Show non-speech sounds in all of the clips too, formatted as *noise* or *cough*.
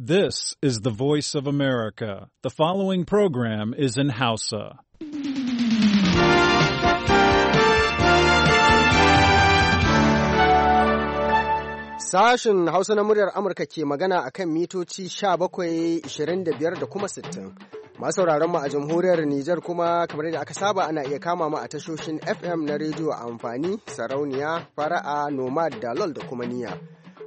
This is the voice of America. The following program is in Hausa. Sashen Hausa na muryar Amurka ke magana a kan mitoci 17, 25 da kuma 60. Masu mu a jamhuriyar Nijar kuma kamar da aka saba ana iya kama mu a tashoshin FM na rediyo amfani, sarauniya, fara'a, nomad da lol da kuma niya.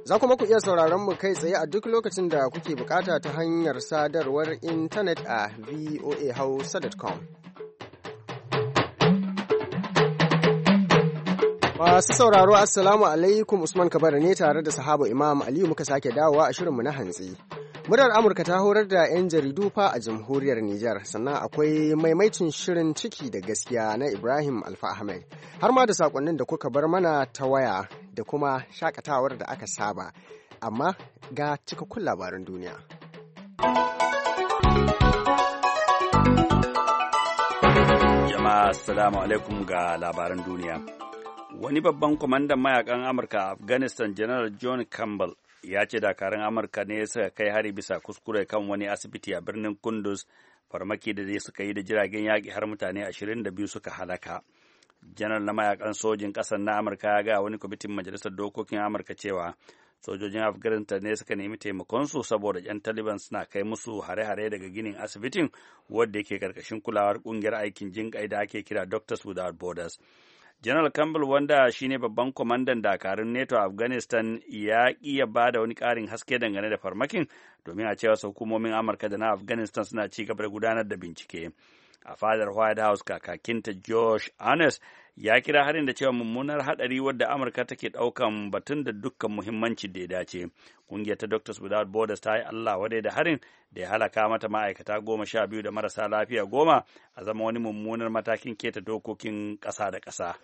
Za kuma ku iya sauraron mu kai tsaye a duk lokacin da kuke bukata ta hanyar sadarwar intanet a voahausa.com. Masu sauraro Assalamu alaikum Usman Kabara ne tare da sahaba Imam Aliyu muka sake dawowa a shirinmu na hantsi. Murar Amurka ta horar da 'yan jaridu fa a jamhuriyar Nijar, sannan akwai maimaitin shirin ciki da gaskiya na Ibrahim Alfa Ahmed, har ma da sakonnin da kuka bar mana ta waya da kuma shakatawar da aka saba. Amma ga cikakkun labarin duniya. Jama'a, Assalamu alaikum ga labaran duniya. Wani babban kwamandan mayakan Amurka Afghanistan, General John Campbell, ya ce dakarun amurka ne suka kai hari bisa kuskure kan wani asibiti a birnin kundus farmaki da zai suka yi da jiragen yaƙi har mutane ashirin da biyu suka halaka janar na mayakan sojin ƙasar na amurka ya ga wani kwamitin majalisar dokokin amurka cewa sojojin afghanistan ne suka nemi taimakonsu saboda 'yan taliban suna kai musu hare-hare daga ginin asibitin wadda yake karkashin kulawar kungiyar aikin jinƙai da ake kira doctors without borders General Campbell wanda shine babban kwamandan dakarun NATO a Afghanistan ya iya ba da wani ƙarin haske dangane da farmakin domin a cewa hukumomin Amurka da na Afghanistan suna ci gaba da gudanar da bincike. a fadar white house kakakinta josh annes ya kira harin da cewa mummunar hadari wadda amurka take daukan batun da dukkan muhimmanci da ya dace kungiyar ta doctors without borders ta yi allah wadai da harin da ya halaka mata ma'aikata goma sha biyu da marasa lafiya goma a zama wani mummunar matakin keta dokokin ƙasa da ƙasa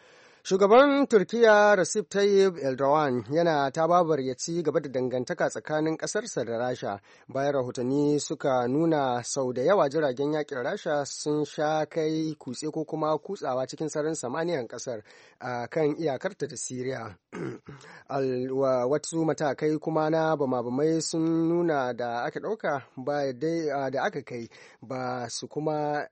Shugaban Turkiyya Recep Tayyip Erdogan yana babar ya ci gaba da dangantaka tsakanin ƙasarsa da Rasha bayan rahotanni suka nuna sau da yawa jiragen yakin Rasha sun sha kai kutse ko kuma kutsawa cikin sararin samaniyar ƙasar a kan iyakarta da Siriya. *clears throat* Wasu matakai kuma na bama-bamai sun nuna da aka ɗauka da aka kai ba su kuma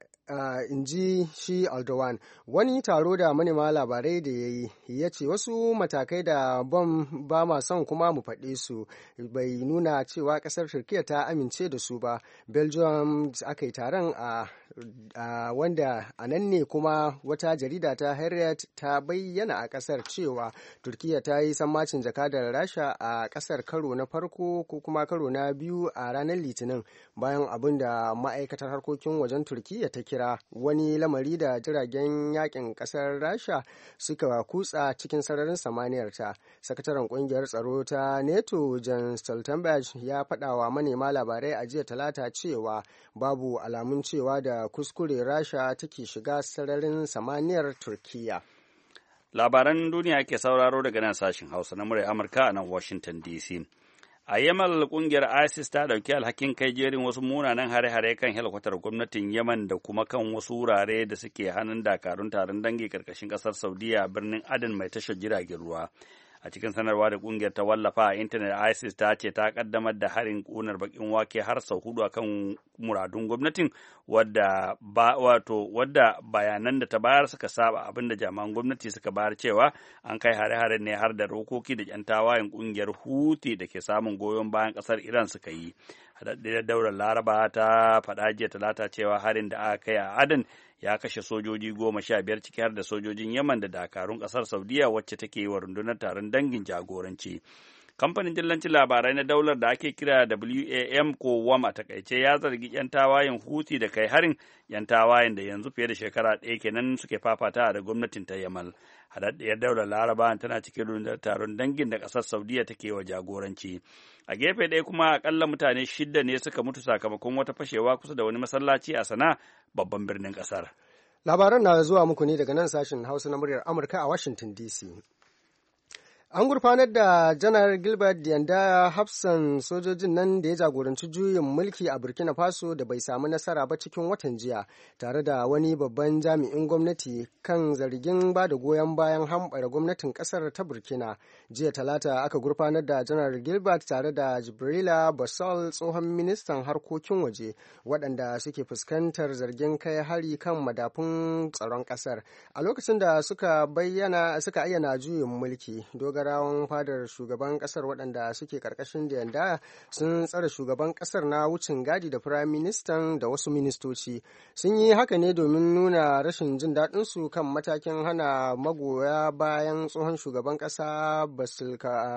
in ji shi Aldowan. Wani taro da manema labarai da ya yi ya ce wasu matakai da bom ba ma son kuma mu faɗe su bai nuna cewa ƙasar Turkiyya ta amince da su ba. Belgium aka yi taron a wanda a nan ne kuma wata jarida ta Harriet ta bayyana a kasar cewa turkiyya ta yi sammacin jakadar rasha a kasar karo na farko ko kuma karo na biyu a ranar litinin bayan abin da ma'aikatar harkokin wajen turkiya ta kira wani lamari da jiragen yakin kasar rasha suka kutsa cikin sararin samaniyar ta sakataren kungiyar tsaro ta NATO jan stoltenberg ya faɗa wa manema labarai a jiya talata cewa babu alamun cewa da kuskure rasha take shiga sararin samaniyar turkiya labaran duniya ke sauraro daga nan sashen hausa na murai amurka a nan washington dc a yamal kungiyar isis ta dauki alhakin kai jerin wasu munanan hare-hare kan helikwatar gwamnatin yaman da kuma kan wasu wurare da suke hannun dakarun taron dangi karkashin kasar saudiya birnin adan mai tashar jiragen ruwa a cikin sanarwa da kungiyar ta wallafa a intanet isis ta ce ta kaddamar da harin kunar bakin wake har sau hudu akan muradun gwamnatin wadda bayanan da ta bayar suka saba abinda jami'an gwamnati suka bayar cewa an kai hare-hare ne har da rokoki da yan tawayen kungiyar huti da ke samun goyon bayan kasar iran suka yi haɗaɗɗiyar daular laraba ta faɗa jiya talata cewa harin da aka kai a adan ya kashe sojoji goma sha biyar ciki har da sojojin yaman da dakarun ƙasar saudiya wacce take yi wa rundunar taron dangin jagoranci kamfanin dillancin labarai na daular da ake kira WAM ko WAM a takaice ya zargi 'yan tawayen huti da kai harin 'yan tawayen da yanzu fiye da shekara ɗaya kenan suke fafata da gwamnatin ta Yamal. Haɗaɗɗiyar daular Laraba tana cikin rundunar taron dangin da ƙasar Saudiya take wa jagoranci. A gefe ɗaya kuma akalla mutane shidda ne suka mutu sakamakon wata fashewa kusa da wani masallaci a Sana babban birnin ƙasar. Labaran na zuwa muku ne daga nan sashen Hausa na muryar Amurka a Washington DC. An gurfanar da Janar Gilbert Dianda hafsan sojojin nan da ya jagoranci juyin mulki a Burkina Faso da bai samu nasara ba cikin watan jiya tare da wani babban jami'in gwamnati kan zargin ba da goyon bayan hambara gwamnatin kasar ta Burkina. Jiya talata aka gurfanar da Janar Gilbert tare da Jibrila Basal tsohon ministan harkokin waje waɗanda suke fuskantar zargin kai hari kan madafun tsaron kasar. A lokacin da suka bayyana suka ayyana juyin mulki dogarawan fadar shugaban kasar waɗanda suke karkashin yanda sun tsare shugaban kasar na wucin gadi da firayim ministan da wasu ministoci sun yi haka ne domin nuna rashin jin daɗin su kan matakin hana magoya bayan tsohon shugaban ƙasa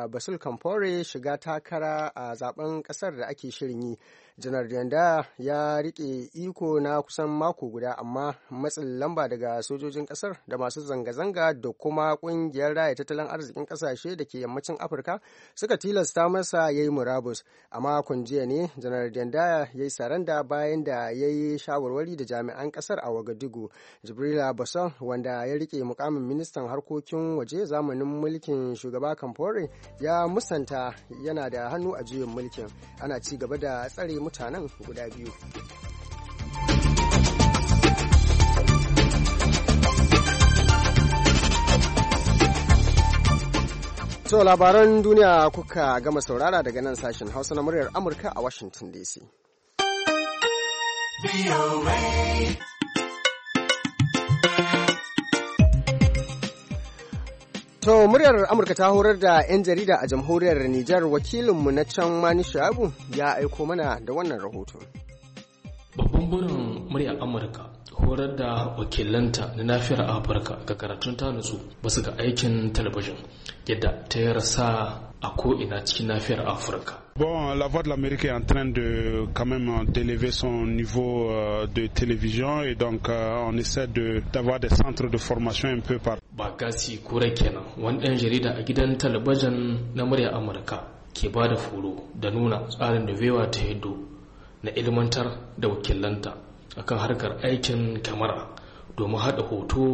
basil kamfore shiga takara a zaben kasar da ake shirin yi janar yanda ya rike iko na kusan mako guda amma matsin lamba daga sojojin kasar da masu zanga-zanga da kuma kungiyar raya tattalin arzikin kasashe da ke yammacin afirka suka tilasta masa ya yi murabus a makon jiya ne janar yanda ya yi saranda bayan da ya yi shawarwari da jami'an kasar a wagadugu jibrila basal wanda ya rike mukamin ministan harkokin waje zamanin mulkin shugaba kamfore ya musanta yana da hannu a juyin mulkin ana ci gaba da tsare mutanen guda biyu To labaran duniya kuka gama saurara daga nan sashen Hausa na muryar Amurka a Washington DC. To muryar Amurka ta horar da 'yan jarida a jamhuriyar Nijar wakilinmu na can Mani Shabu ya aiko mana da wannan rahoton. Babban burin muryar Amurka horar da wakilanta na nafiyar Afirka ga karatun ta nutsu ba su ga aikin talabijin yadda ta yi rasa a ko'ina cikin nafiyar afirka Bon, la voix de l'Amérique est en train de quand même d'élever son niveau euh, de télévision et donc euh, on essaie de d'avoir des centres de formation un peu par. Ba gasi kura kenan wani ɗan jarida a gidan talabijin na murya Amurka ke ba da foro da nuna tsarin da vewa ta hiddo na ilmantar da wakilanta akan harkar aikin kyamara domin haɗa hoto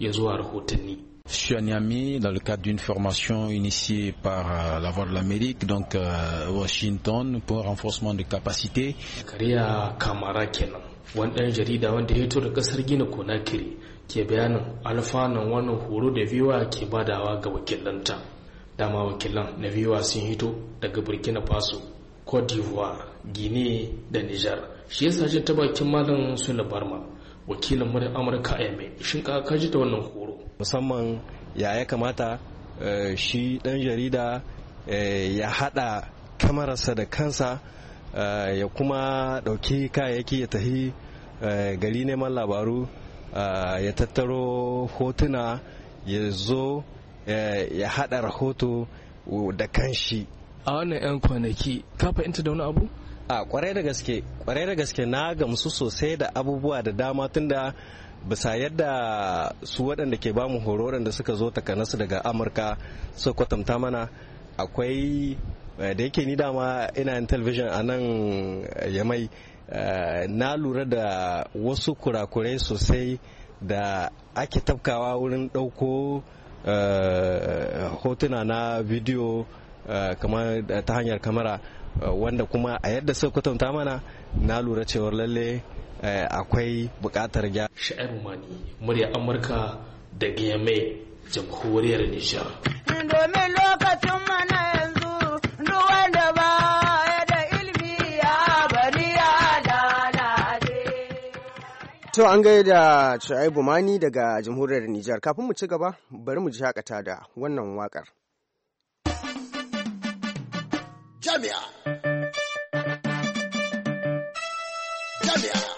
ya zuwa rahotanni. Je suis dans le cadre d'une formation initiée par euh, la de l'Amérique, donc euh, Washington, pour renforcement de capacités. Kariya Kamara kenan, one ɗan jarida wanda ya hito da ƙasar Gina Conakry ke bayanin alfanan wannan horo da VOA ke badawa ga wakilanta. Dama wakilan na VOA sun hito daga Burkina Faso, Cote d'Ivoire, Guinea da Nijar. Shi yasa jin ta bakin Malam Sule Barma. wakilin murin amurka a yamai shin ka kaji ta wannan horo musamman ya ya kamata eh, shi dan jarida eh, ya hada kamararsa da kansa eh, ya kuma dauki kayayyaki ya tafi gari neman labaru ya tattaro hotuna ya zo ya hada rahoto da kanshi a wannan 'yan kwanaki ka fahimta da wani abu a kwarai da gaske kwarai da gaske na gamsu sosai da abubuwa da dama tunda bisa yadda su waɗanda ke bamu horo da suka zo takanasu daga amurka su kwatanta mana akwai eh, da yake ni dama ina yin talabijin a nan eh, yamai eh, na lura da wasu kurakurai sosai da ake tafkawa wurin ɗauko hotuna na bidiyo Eh, kamar eh, ta hanyar kamara eh, wanda kuma a yadda suka kwatanta mana na lura cewar lalle akwai bukatar gyara. Sha'iru Mani, murya Amurka da Yamai, jamhuriyar Nijar. Domin lokacin mana yanzu wanda ba da ilimi ya bari ya lalace. To an gaida Shu'aibu Mani daga jamhuriyar Nijar. Kafin mu ci gaba, bari mu ji shakata da wannan wakar. Jamia. Jamia.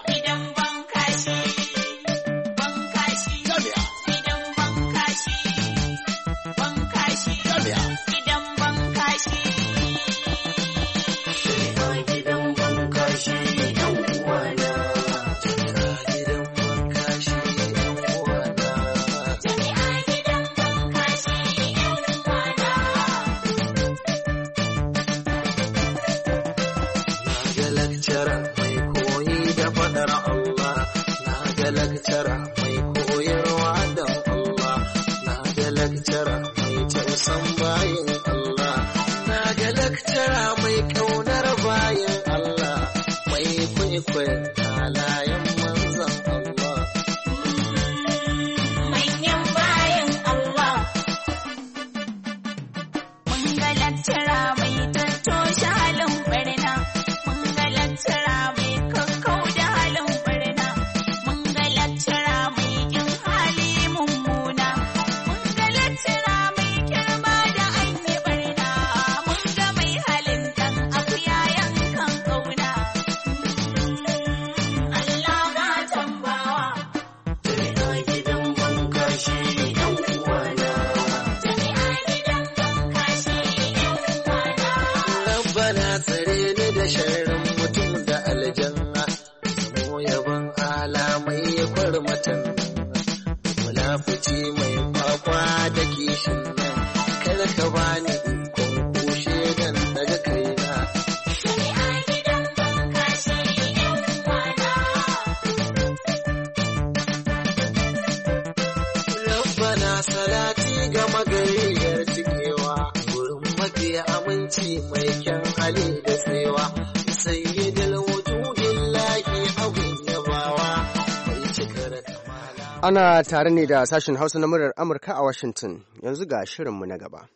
Ana tare ne da sashen Hausa na murar Amurka a Washington yanzu ga shirinmu na gaba.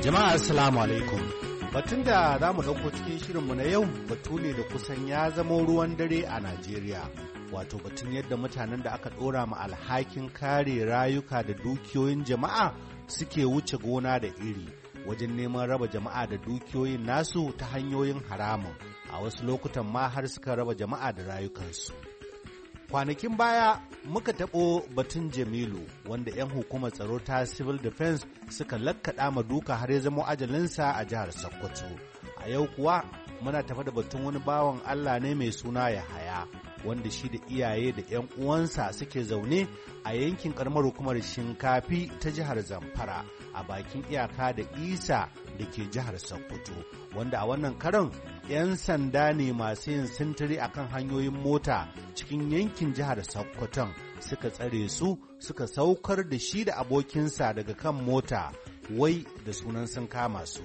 Jama'a Assalamu alaikum. Batun da za mu ɗauko cikin shirinmu na yau batu ne da kusan ya zama ruwan dare a Najeriya. wato batun yadda mutanen da aka ɗora ma alhakin kare rayuka da dukiyoyin jama'a suke wuce gona da iri wajen neman raba jama'a da dukiyoyin nasu ta hanyoyin haramun a wasu lokutan ma har suka raba jama'a da rayukansu kwanakin baya muka taɓo batun jamilu wanda 'yan hukumar tsaro ta civil defense suka lakkaɗa ma duka har ya zamo ajalinsa a jihar sokoto a yau kuwa muna tafa da batun wani bawan Allah ne mai suna Yahaya wanda shi da iyaye da 'yan uwansa suke zaune a yankin karamar hukumar shinkafi ta jihar Zamfara a bakin iyaka da Isa da ke jihar Sokoto wanda a wannan karon 'yan sanda ne masu yin sintiri akan hanyoyin mota cikin yankin jihar Sokoton suka tsare su suka saukar da shi da abokinsa daga kan mota wai da sunan sun kama su.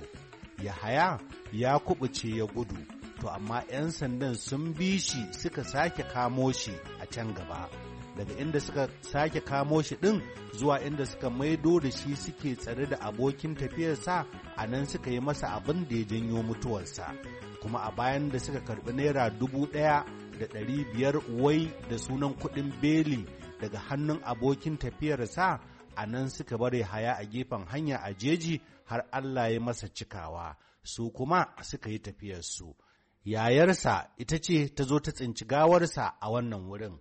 Yahaya ya kubuce ya gudu, to amma 'yan sandan sun bi shi suka sake kamo shi a can gaba. Daga inda suka sake kamo shi ɗin zuwa inda suka maido da shi suke tsare da abokin tafiyarsa a nan suka yi masa abin da ya janyo mutuwarsa. Kuma a bayan da suka karbi naira dubu ɗaya da ɗari biyar wai da sunan kuɗin beli daga hannun abokin tafiyarsa a nan suka bare haya a gefen hanya a jeji har Allah ya masa cikawa su kuma suka yi tafiyarsu yayarsa ita ce ta zo ta tsinci gawarsa a wannan wurin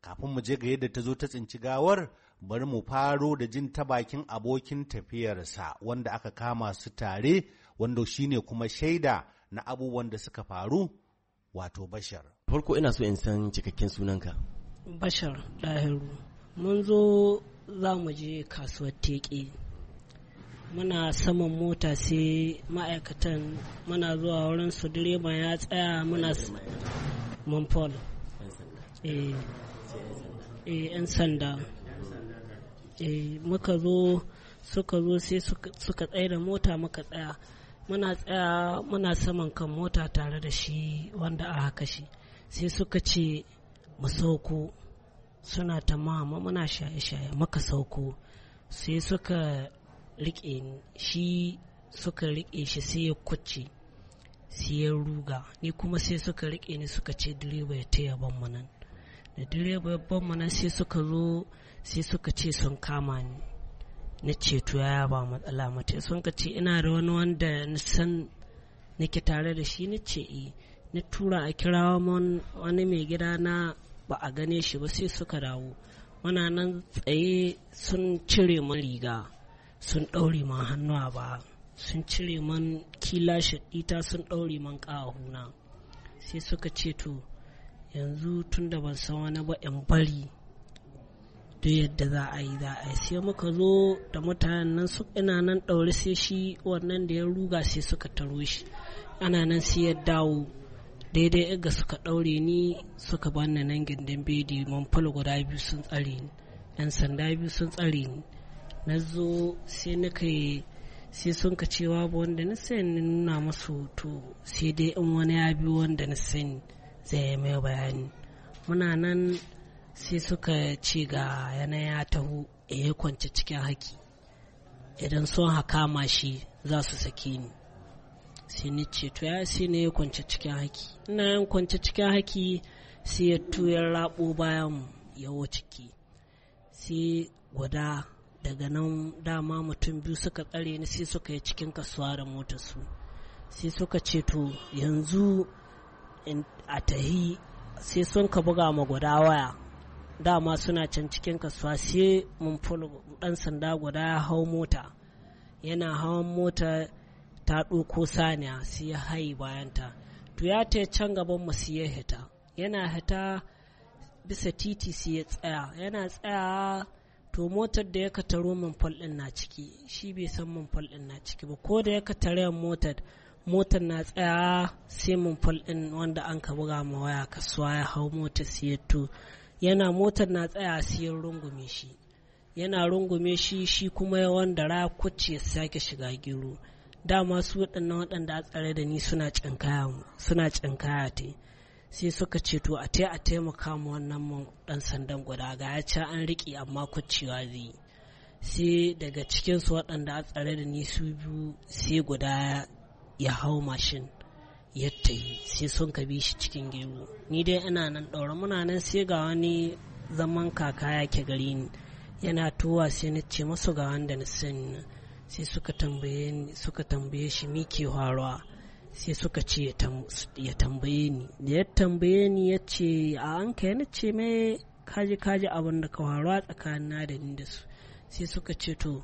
kafin mu je ga yadda ta zo ta tsinci gawar bari mu faro da jin ta bakin abokin tafiyarsa wanda aka kama su tare wanda shi ne kuma shaida na abubuwan da suka faru wato bashar farko ina so in san cikakken sunanka bashar ɗahiru, mun zo za mu je kasuwar teƙe muna saman mota sai ma'aikatan muna zuwa wurin su direban ya tsaya muna manfol eh, eh yan sanda eh, muka zo suka zo sai suka tsaye da mota muka tsaya muna tsaya muna saman kan mota tare da shi wanda a haka shi sai suka ce mu sauko suna ta muna shaye-shaye muka sauko sai suka riƙe ni shi suka riƙe shi sai ya kwace sai ya ruga ni kuma sai suka riƙe ni suka ce direba ya taya ban mana da direba ya ban mana sai suka zo sai suka ce sun kama ni na ce to ya ba matsala mata sun ka ce ina da wani wanda na san nake tare da shi na ce eh na tura a kira wani mai gida na ba a gane shi ba sai suka dawo muna nan tsaye sun cire mu riga sun ɗaure man hannuwa ba sun cire man kila ita sun ɗaure man ƙahuna sai suka ce to yanzu tun da ban san wani ba in bari duk yadda za a yi za a yi sai muka zo da mutanen nan su ina nan ɗaure sai shi wannan da ya ruga sai suka taro shi ana nan sai ya dawo daidai ga suka ɗaure ni suka bani nan gindin bedi man guda biyu sun tsare ni yan sanda biyu sun tsare ni na zo sai na kai sai sun ka cewa ba wanda na sani nuna masu to sai dai in wani ya bi wanda na sani zai yi mai bayani muna nan sai suka ce ga yana ya taho ya kwanci cikin haki idan sun hakama shi za su sake ni sai ni ce to ya sai ne ya kwanci cikin haki ina yin kwanci cikin haki sai ya tuyar rabo bayan yawo ciki sai guda daga nan dama mutum biyu suka tsare ni sai suka yi cikin kasuwa da motarsu sai suka ce to yanzu a tahi sai sun ka buga ma guda waya dama suna can cikin kasuwa sai mun dan sanda guda ya hau mota yana hawan mota ta ɗauko saniya sai ya hayi bayanta to ya ta can gaban mu sai ya hita yana hita bisa titi sai ya tsaya yana tsaya to motar da ya ka taro min fal din na ciki shi bai san min fal din na ciki ba ko da ya ka tare motar motar na tsaya sai min fal din wanda an ka buga ma waya kasuwa ya hau motar siyatu yana motar na tsaya siyan rungume shi yana rungume shi shi kuma ya wanda ra kuce ya sake shiga giro dama su waɗannan waɗanda a tsare da ni suna cankaya suna cankaya te sai suka ce to a a taimaka mu wannan dan sandan guda ga ya ci an riƙe amma kwacewa zai sai daga cikinsu waɗanda a tsare da ni su biyu sai guda ya hau mashin yadda sai sun ka bi shi cikin gero ni dai ina nan ɗaura muna nan sai ga wani zaman kaka ya ke gari ni yana towa sai na ce masu ga wanda na sani sai suka tambaye shi mi ke faruwa sai suka ce ya tambaye ni da ya tambaye ni ya ce a an ka yana ce mai kaji kaji abin da ka a tsakanin da ni da su sai suka ce to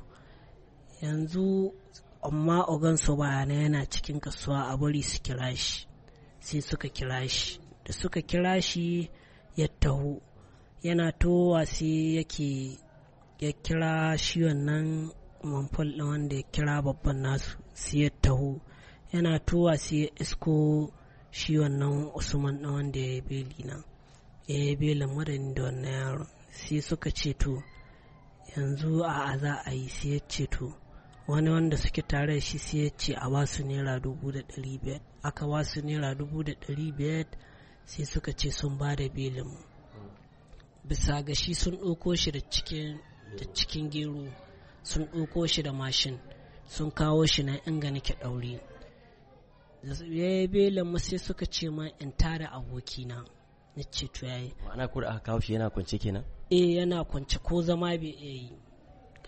yanzu amma ogan su bayana yana cikin kasuwa a bari su kira shi sai suka kira shi da suka kira shi ya taho yana towa sai yake ya kira shi wannan manfal wanda ya kira babban nasu sai ya taho yana towa sai ya isko shi wannan usman ɗan wanda ya beli nan ya yi belin madani da wannan yaro sai suka ceto yanzu a za a yi sai ya ceto wani wanda suke tare shi sai ya ce a wasu naira dubu da ɗari biyar aka wasu naira dubu da ɗari biyar sai suka ce sun ba da belin bisa ga shi sun ɗauko shi da cikin gero sun ɗauko shi da mashin sun kawo shi na inga nake ɗauri ya yi mu sai suka ce ma in tara abokina na ce to yayi ma'ana ko da aka kawo shi yana kwance kenan eh yana kwance ko zama bai yi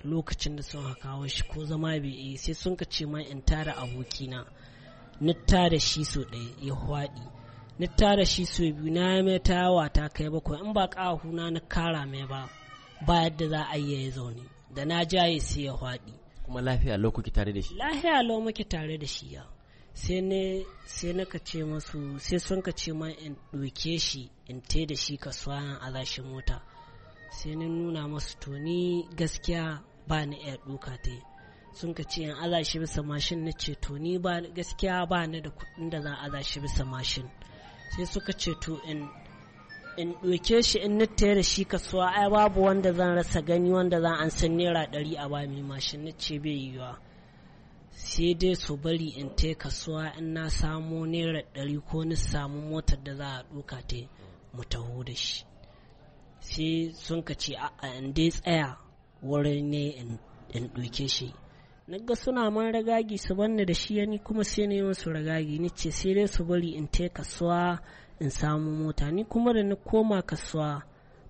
lokacin da sun kawo shi ko zama bai yi sai sun ka ce ma in tara abokina na tara shi so ɗaya ya hwaɗi na tara shi so biyu na mai tawa ta kai bakwai in ba ƙahuna na kara mai ba ba yadda za a yi ya zaune da na jaye sai ya hwaɗi kuma lafiya lokaci tare da shi lafiya lokaci tare da shi ya sai ne sai na ce masu sai sun ka ce ma in ɗauke shi in te da shi swayan alashin mota sai na nuna masu toni gaskiya ba ni iya ɗuka ta sun ka ce in azashi bisa mashin na ce toni ba gaskiya ba ni da kuɗin da za azashi bisa mashin sai suka ce to in in ɗauke shi in te da shi kasuwa ai babu wanda zan rasa gani wanda zan an san naira ɗari a bami mashin na ce bai yiwa sai dai su bari in te kasuwa in na samu naira ɗari ko ni samu motar da za a ɗuka ta mu taho da shi sai sun ka ce a in dai tsaya wurin ne in ɗauke shi naga suna man ragagi su banni da shi ni kuma sai ne musu ragagi ni ce sai dai su bari in te kasuwa in samu mota ni kuma da ni koma kasuwa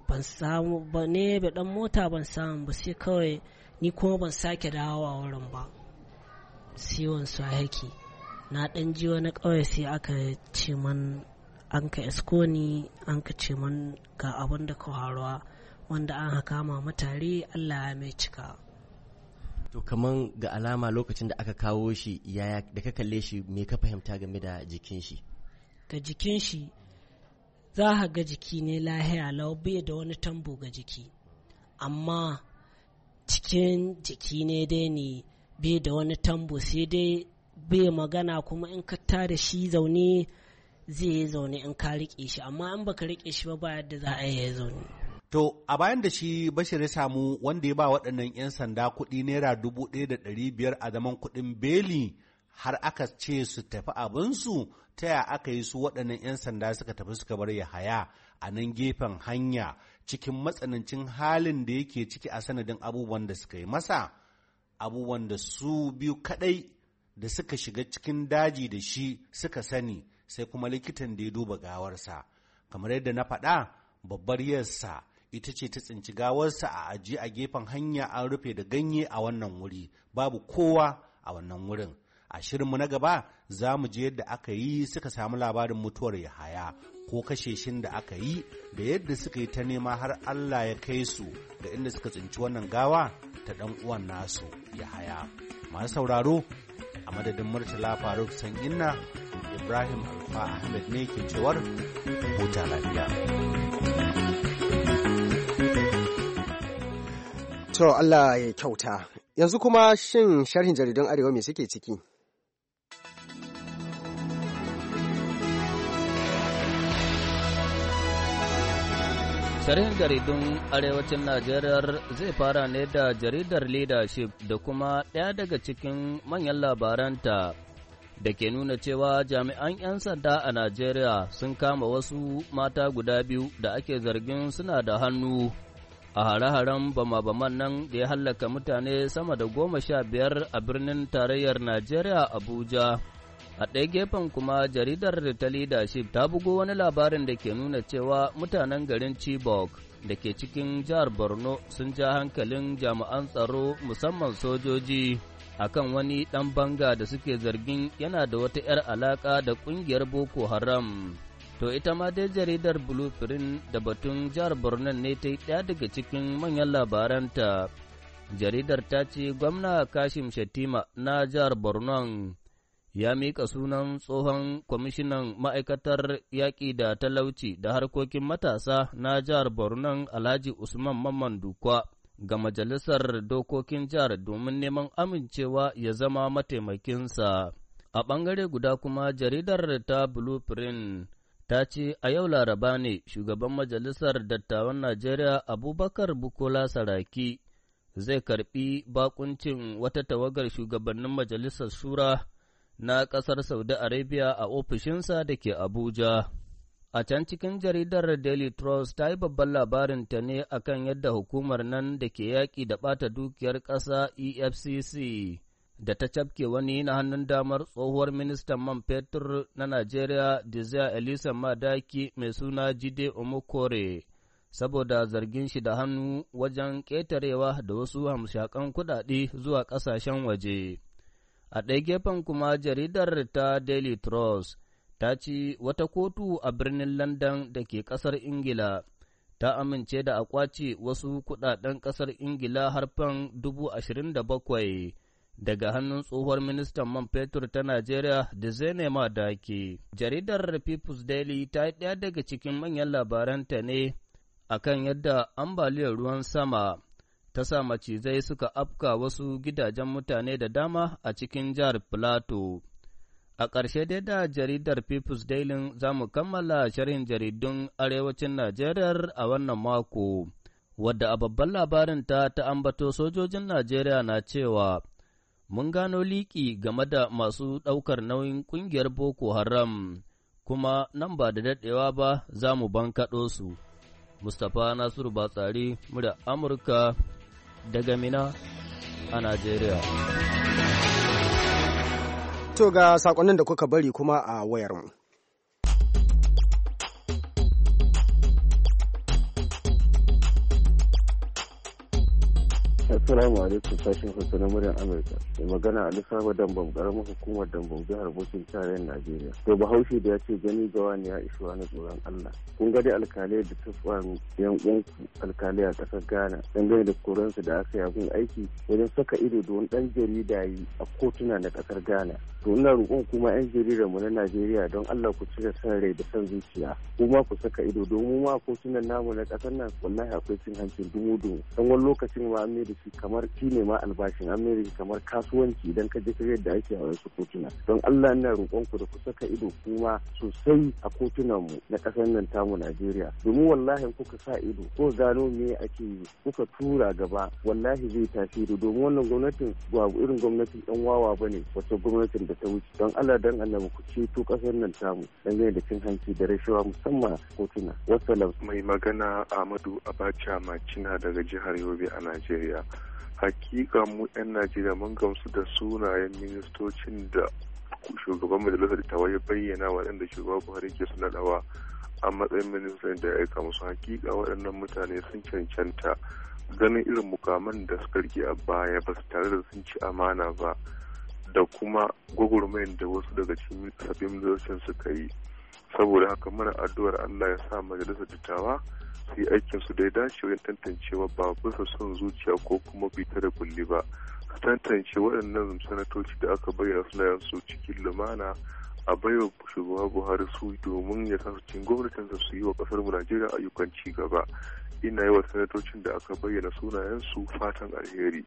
ban samu ba ne ba dan mota ban samu ba sai kawai ni kuma ban sake dawowa wurin ba siwon su haki na ɗan ji wani kawai sai aka ce man an ka isko ni an ka ce man ga abin da ka wanda an haka ma mutare allah ya mai cika to kaman ga alama lokacin da aka kawo shi yaya da ka kalle shi me ka fahimta game da jikin shi ga jikin shi za a ga jiki ne lahiya lau bai da wani tambo ga jiki amma cikin jiki ne dai ne bai da wani tambo sai dai bai magana kuma in ka tada shi zaune zai yi zaune in ka riƙe shi amma in baka riƙe shi ba ba yadda za a yi zaune. To a bayan da shi Bashir ya samu wanda ya ba waɗannan 'yan sanda kuɗi naira dubu ɗaya da ɗari biyar a zaman kuɗin beli har aka ce su tafi abinsu ta ya aka yi su waɗannan 'yan sanda suka tafi suka bar ya haya a nan gefen hanya cikin matsanancin halin da yake ciki a sanadin abubuwan da suka yi masa. abubuwan da su biyu kadai da suka shiga cikin daji da shi suka sani sai kuma likitan da ya duba gawarsa kamar yadda na faɗa babbar yarsa ita ce ta tsinci gawarsa a aji a gefen hanya an rufe da ganye a wannan wuri babu kowa a wannan wurin a shirinmu na gaba za mu je yadda aka yi suka samu labarin mutuwar yahaya ko kashe shin da aka yi da yadda suka yi ta nema har allah ya kai su da inda suka tsinci wannan gawa ta dan uwan nasu ya haya masu sauraro a madadin murtala faruk san inna ibrahim alfa ahmed ne ke cewar huta lafiya to allah ya kyauta yanzu kuma shin sharhin jaridun arewa me suke ciki Sharhin jaridun Arewacin Najeriya zai fara ne da jaridar leadership da kuma ɗaya daga cikin manyan labaranta da ke nuna cewa jami'an 'yan sanda a Najeriya sun kama wasu mata guda biyu da ake zargin suna da hannu a hare-haren bama-baman nan da ya hallaka mutane sama da goma sha biyar a birnin tarayyar Najeriya Abuja. A ɗaya gefen kuma jaridar ta leadership ta bugo wani labarin da ke nuna cewa mutanen garin Chibok da ke cikin jihar Borno sun ja hankalin jami'an tsaro musamman sojoji akan wani ɗan banga da suke zargin yana da wata 'yar alaƙa da ƙungiyar Boko Haram. To ita ma dai jaridar Blueprint da batun jihar Borno ne ta yi ɗaya daga cikin manyan labaranta. Jaridar ta ce gwamna Kashim Shatima na jihar Borno ya mika sunan tsohon kwamishinan ma'aikatar yaƙi da talauci da harkokin matasa na jihar Borno Alhaji Usman Mamman Dukwa ga Majalisar Dokokin Jihar domin neman amincewa ya zama mataimakinsa. A ɓangare guda kuma jaridar ta Blueprint ta ce a yau laraba ne shugaban Majalisar Dattawan Najeriya Abubakar Bukola Saraki zai karbi bakuncin wata tawagar shugabannin Majalisar Shura. na ƙasar Saudi Arabia a ofishinsa da ke Abuja. A can cikin jaridar Daily Trust ta yi babban labarin ta ne a kan yadda hukumar nan da ke yaƙi da ɓata dukiyar ƙasa EFCC da ta cafke wani na hannun damar tsohuwar ministan man fetur na Najeriya Dizia Elisa Madaki mai suna Jide Omokore saboda zargin shi da hannu wajen ƙetarewa da wasu hamshakan kuɗaɗe zuwa ƙasashen waje. A ɗaya gefen kuma jaridar ta Daily Trust ta ci wata kotu a birnin London da ke ƙasar Ingila ta amince da a ƙwace wasu kuɗaɗen ƙasar Ingila harfan dubu ashirin da bakwai daga hannun tsohuwar ministan man fetur ta Najeriya da Zenema ke Jaridar People's Daily ta yi ɗaya daga cikin manyan labaranta ne a kan yadda ambaliyar ruwan sama. ta sa macizai suka afka wasu gidajen mutane da dama a cikin jihar Filato. A ƙarshe dai da jaridar People's Daily za mu kammala shirin jaridun arewacin Najeriya a wannan mako, wadda a babban labarinta ta ambato sojojin Najeriya na cewa mun gano liƙi game da masu ɗaukar nauyin ƙungiyar Boko Haram, kuma nan ba da daɗewa ba za mu bankaɗo su. Mustapha Nasiru Batsari, murya Amurka daga Mina a Najeriya. To ga sakonnin da kuka bari kuma a wayarmu. Assalamu alaikum sashen Hausa na muryar Amurka. Mai magana Ali Saba Dambam karamin hukumar Dambam jihar Bokin tarayyar Najeriya. To Bahaushe da ya ce gani ga ne ya isu wani tsoron Allah. Kun ga dai alkalai da ta faru yan uwanku alkalai a ƙasar Ghana dangane da koransu da aka yi aiki wajen saka ido don ɗan jarida yi a kotuna na ƙasar Ghana. To ina roƙon kuma 'yan jaridar mu na Najeriya don Allah ku cire san rai da san zuciya. Kuma ku saka ido domin ma kotunan namu na ƙasar nan wallahi akwai cin hanci dumu-dumu. Dan wani lokacin ma an shi kamar shi ne ma albashin an mai kamar kasuwanci idan ka je kaga yadda ake a wasu kotuna don Allah ina roƙon ku da ku saka ido kuma sosai a kotunan mu na ƙasar nan tamu Najeriya domin wallahi kuka sa ido ko gano me ake yi kuka tura gaba wallahi zai tasiri domin wannan gwamnatin ba irin gwamnatin yan wawa ba ne. wata gwamnatin da ta wuce don Allah don annabi ku to ƙasar nan tamu dangane da cin hanci da rashawa musamman kotuna wasalam mai magana Ahmadu Abacha Macina daga jihar Yobe a Najeriya hakika mu 'yan najeriya mun gamsu da sunayen ministocin da shugaban majalisar da ya bayyana waɗanda shugaban buhari ke sanadawa a matsayin ministan da ya aika musu hakika waɗannan mutane sun cancanta ganin irin mukaman da suka rike a baya ba su tare da sun ci amana ba da kuma gwagwarmayin da wasu daga cikin sabbin ministocin suka yi saboda haka mana addu'ar allah ya sa majalisar dattawa su yi aikin da ya dace wajen tantancewa ba bisa son zuciya ko kuma bita da kulli ba su tantance waɗannan sanatoci da aka bayyana suna su cikin lumana a baiwa shugaba buhari su domin ya sa su cikin gwamnatinsa su yi wa ƙasar mu najeriya ayyukan ci gaba ina yawa sanatocin da aka bayyana sunayensu fatan alheri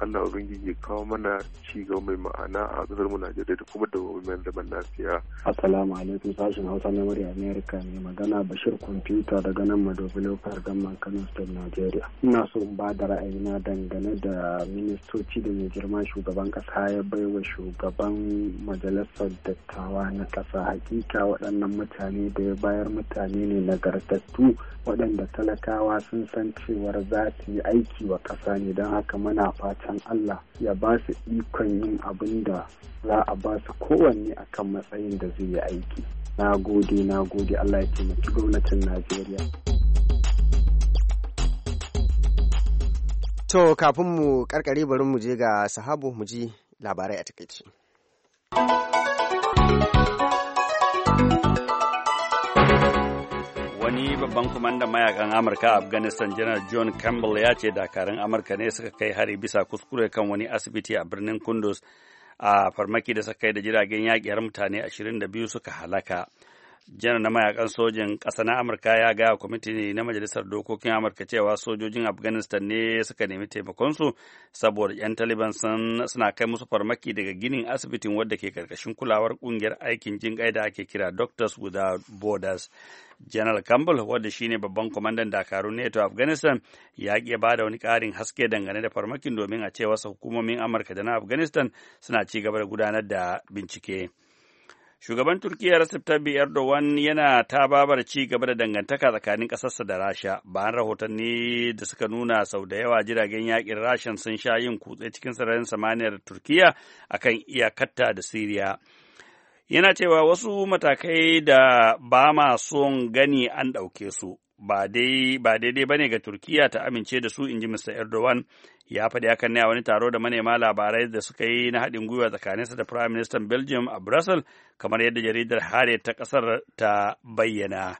allah ubangiji ya kawo mana ci gaba mai ma'ana a kasar mu najeriya da kuma da mai zaman lafiya assalamu alaikum sashen hausa na murya america ne magana bashir kwamfuta daga nan madobilo fargan kano state najeriya ina so in ba da ra'ayina dangane da ministoci da mai girma shugaban kasa ya bai wa shugaban majalisar dattawa na kasa hakika waɗannan mutane da ya bayar mutane ne nagartattu waɗanda talakawa sun san cewar za su yi aiki wa ƙasa ne don haka mana fatan Allah ya ba su ikon yin abin da za a ba su kowanne akan matsayin da zai yi aiki. Na gode, na gode Allah ya taimaki gwamnatin Najeriya. To kafin mu karkare bari mu je ga sahabu mu ji labarai a takaici. ni babban kwamandan mayakan amurka a afghanistan janar john campbell ya ce dakarun amurka ne suka kai hari bisa kuskure kan wani asibiti a birnin kundus a farmaki da suka kai da jiragen yaki har mutane 22 suka halaka janar na mayakan sojin ƙasa na amurka ya gaya kwamiti na majalisar dokokin amurka cewa sojojin afghanistan ne suka nemi taimakonsu saboda 'yan taliban suna kai musu farmaki daga ginin asibitin wadda ke karkashin kulawar kungiyar aikin jin da ake kira doctors without borders general campbell wadda shine babban kwamandan dakarun neto afghanistan ya ki ba da wani ƙarin haske dangane da farmakin domin a cewa hukumomin amurka da na afghanistan suna ci gaba da gudanar da bincike. Shugaban Turkiyya Recep Tayyip Erdogan yana ta babar ci gaba da dangantaka tsakanin ƙasarsa da Rasha bayan rahotanni da suka nuna sau da yawa jiragen yakin Rashan sun sha yin kutse cikin sararin samaniyar Turkiyya akan iyakarta da Siriya. Yana cewa wasu matakai da ba ma son gani an ɗauke su, ba daidai ba ne ga Turkiyya ta amince da su, in ji Mr. Erdogan, ya faɗi hakan ne a wani taro da manema labarai da suka yi na haɗin gwiwa tsakaninsa da Prime Minister Belgium a Brussels kamar yadda jaridar Hare ta ƙasar ta bayyana.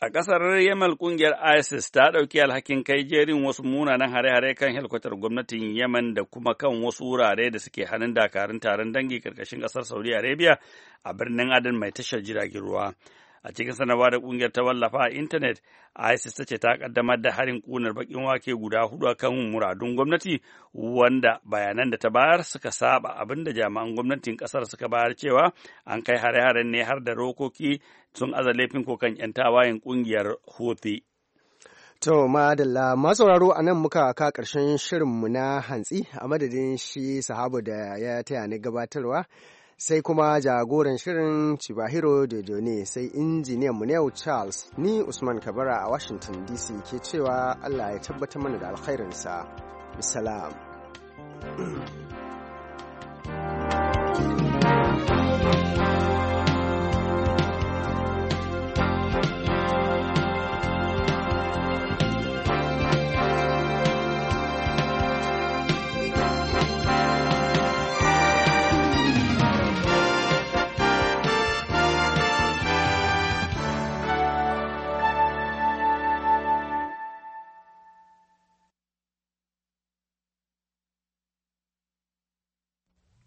A ƙasar Yamal ƙungiyar ISIS ta ɗauki alhakin kai jerin wasu munanan hare-hare kan helikwatar gwamnatin Yaman da kuma kan wasu wurare da suke hannun dakarun taron dangi ƙarƙashin ƙasar Saudi Arabia a birnin Adan mai tashar jiragen ruwa. a cikin sanarwa da kungiyar ta wallafa a intanet isis ta ce ta kaddamar da harin kunar bakin wake guda hudu a kan muradun gwamnati wanda bayanan da ta bayar suka saba abinda jami'an gwamnatin kasar suka bayar cewa an kai hare-haren ne har da rokoki sun aza laifin kokan 'yan tawayen kungiyar houthi To, madalla, masauraro a nan muka ka ƙarshen mu na hantsi a madadin shi sahabu da ya taya ni gabatarwa. sai kuma jagoran shirin Chibahiro Dodone sai injiniyan mu yau Charles ni Usman Kabara a Washington DC ke cewa Allah ya tabbatar mana da alkhairinsa. Bisalam. *clears throat*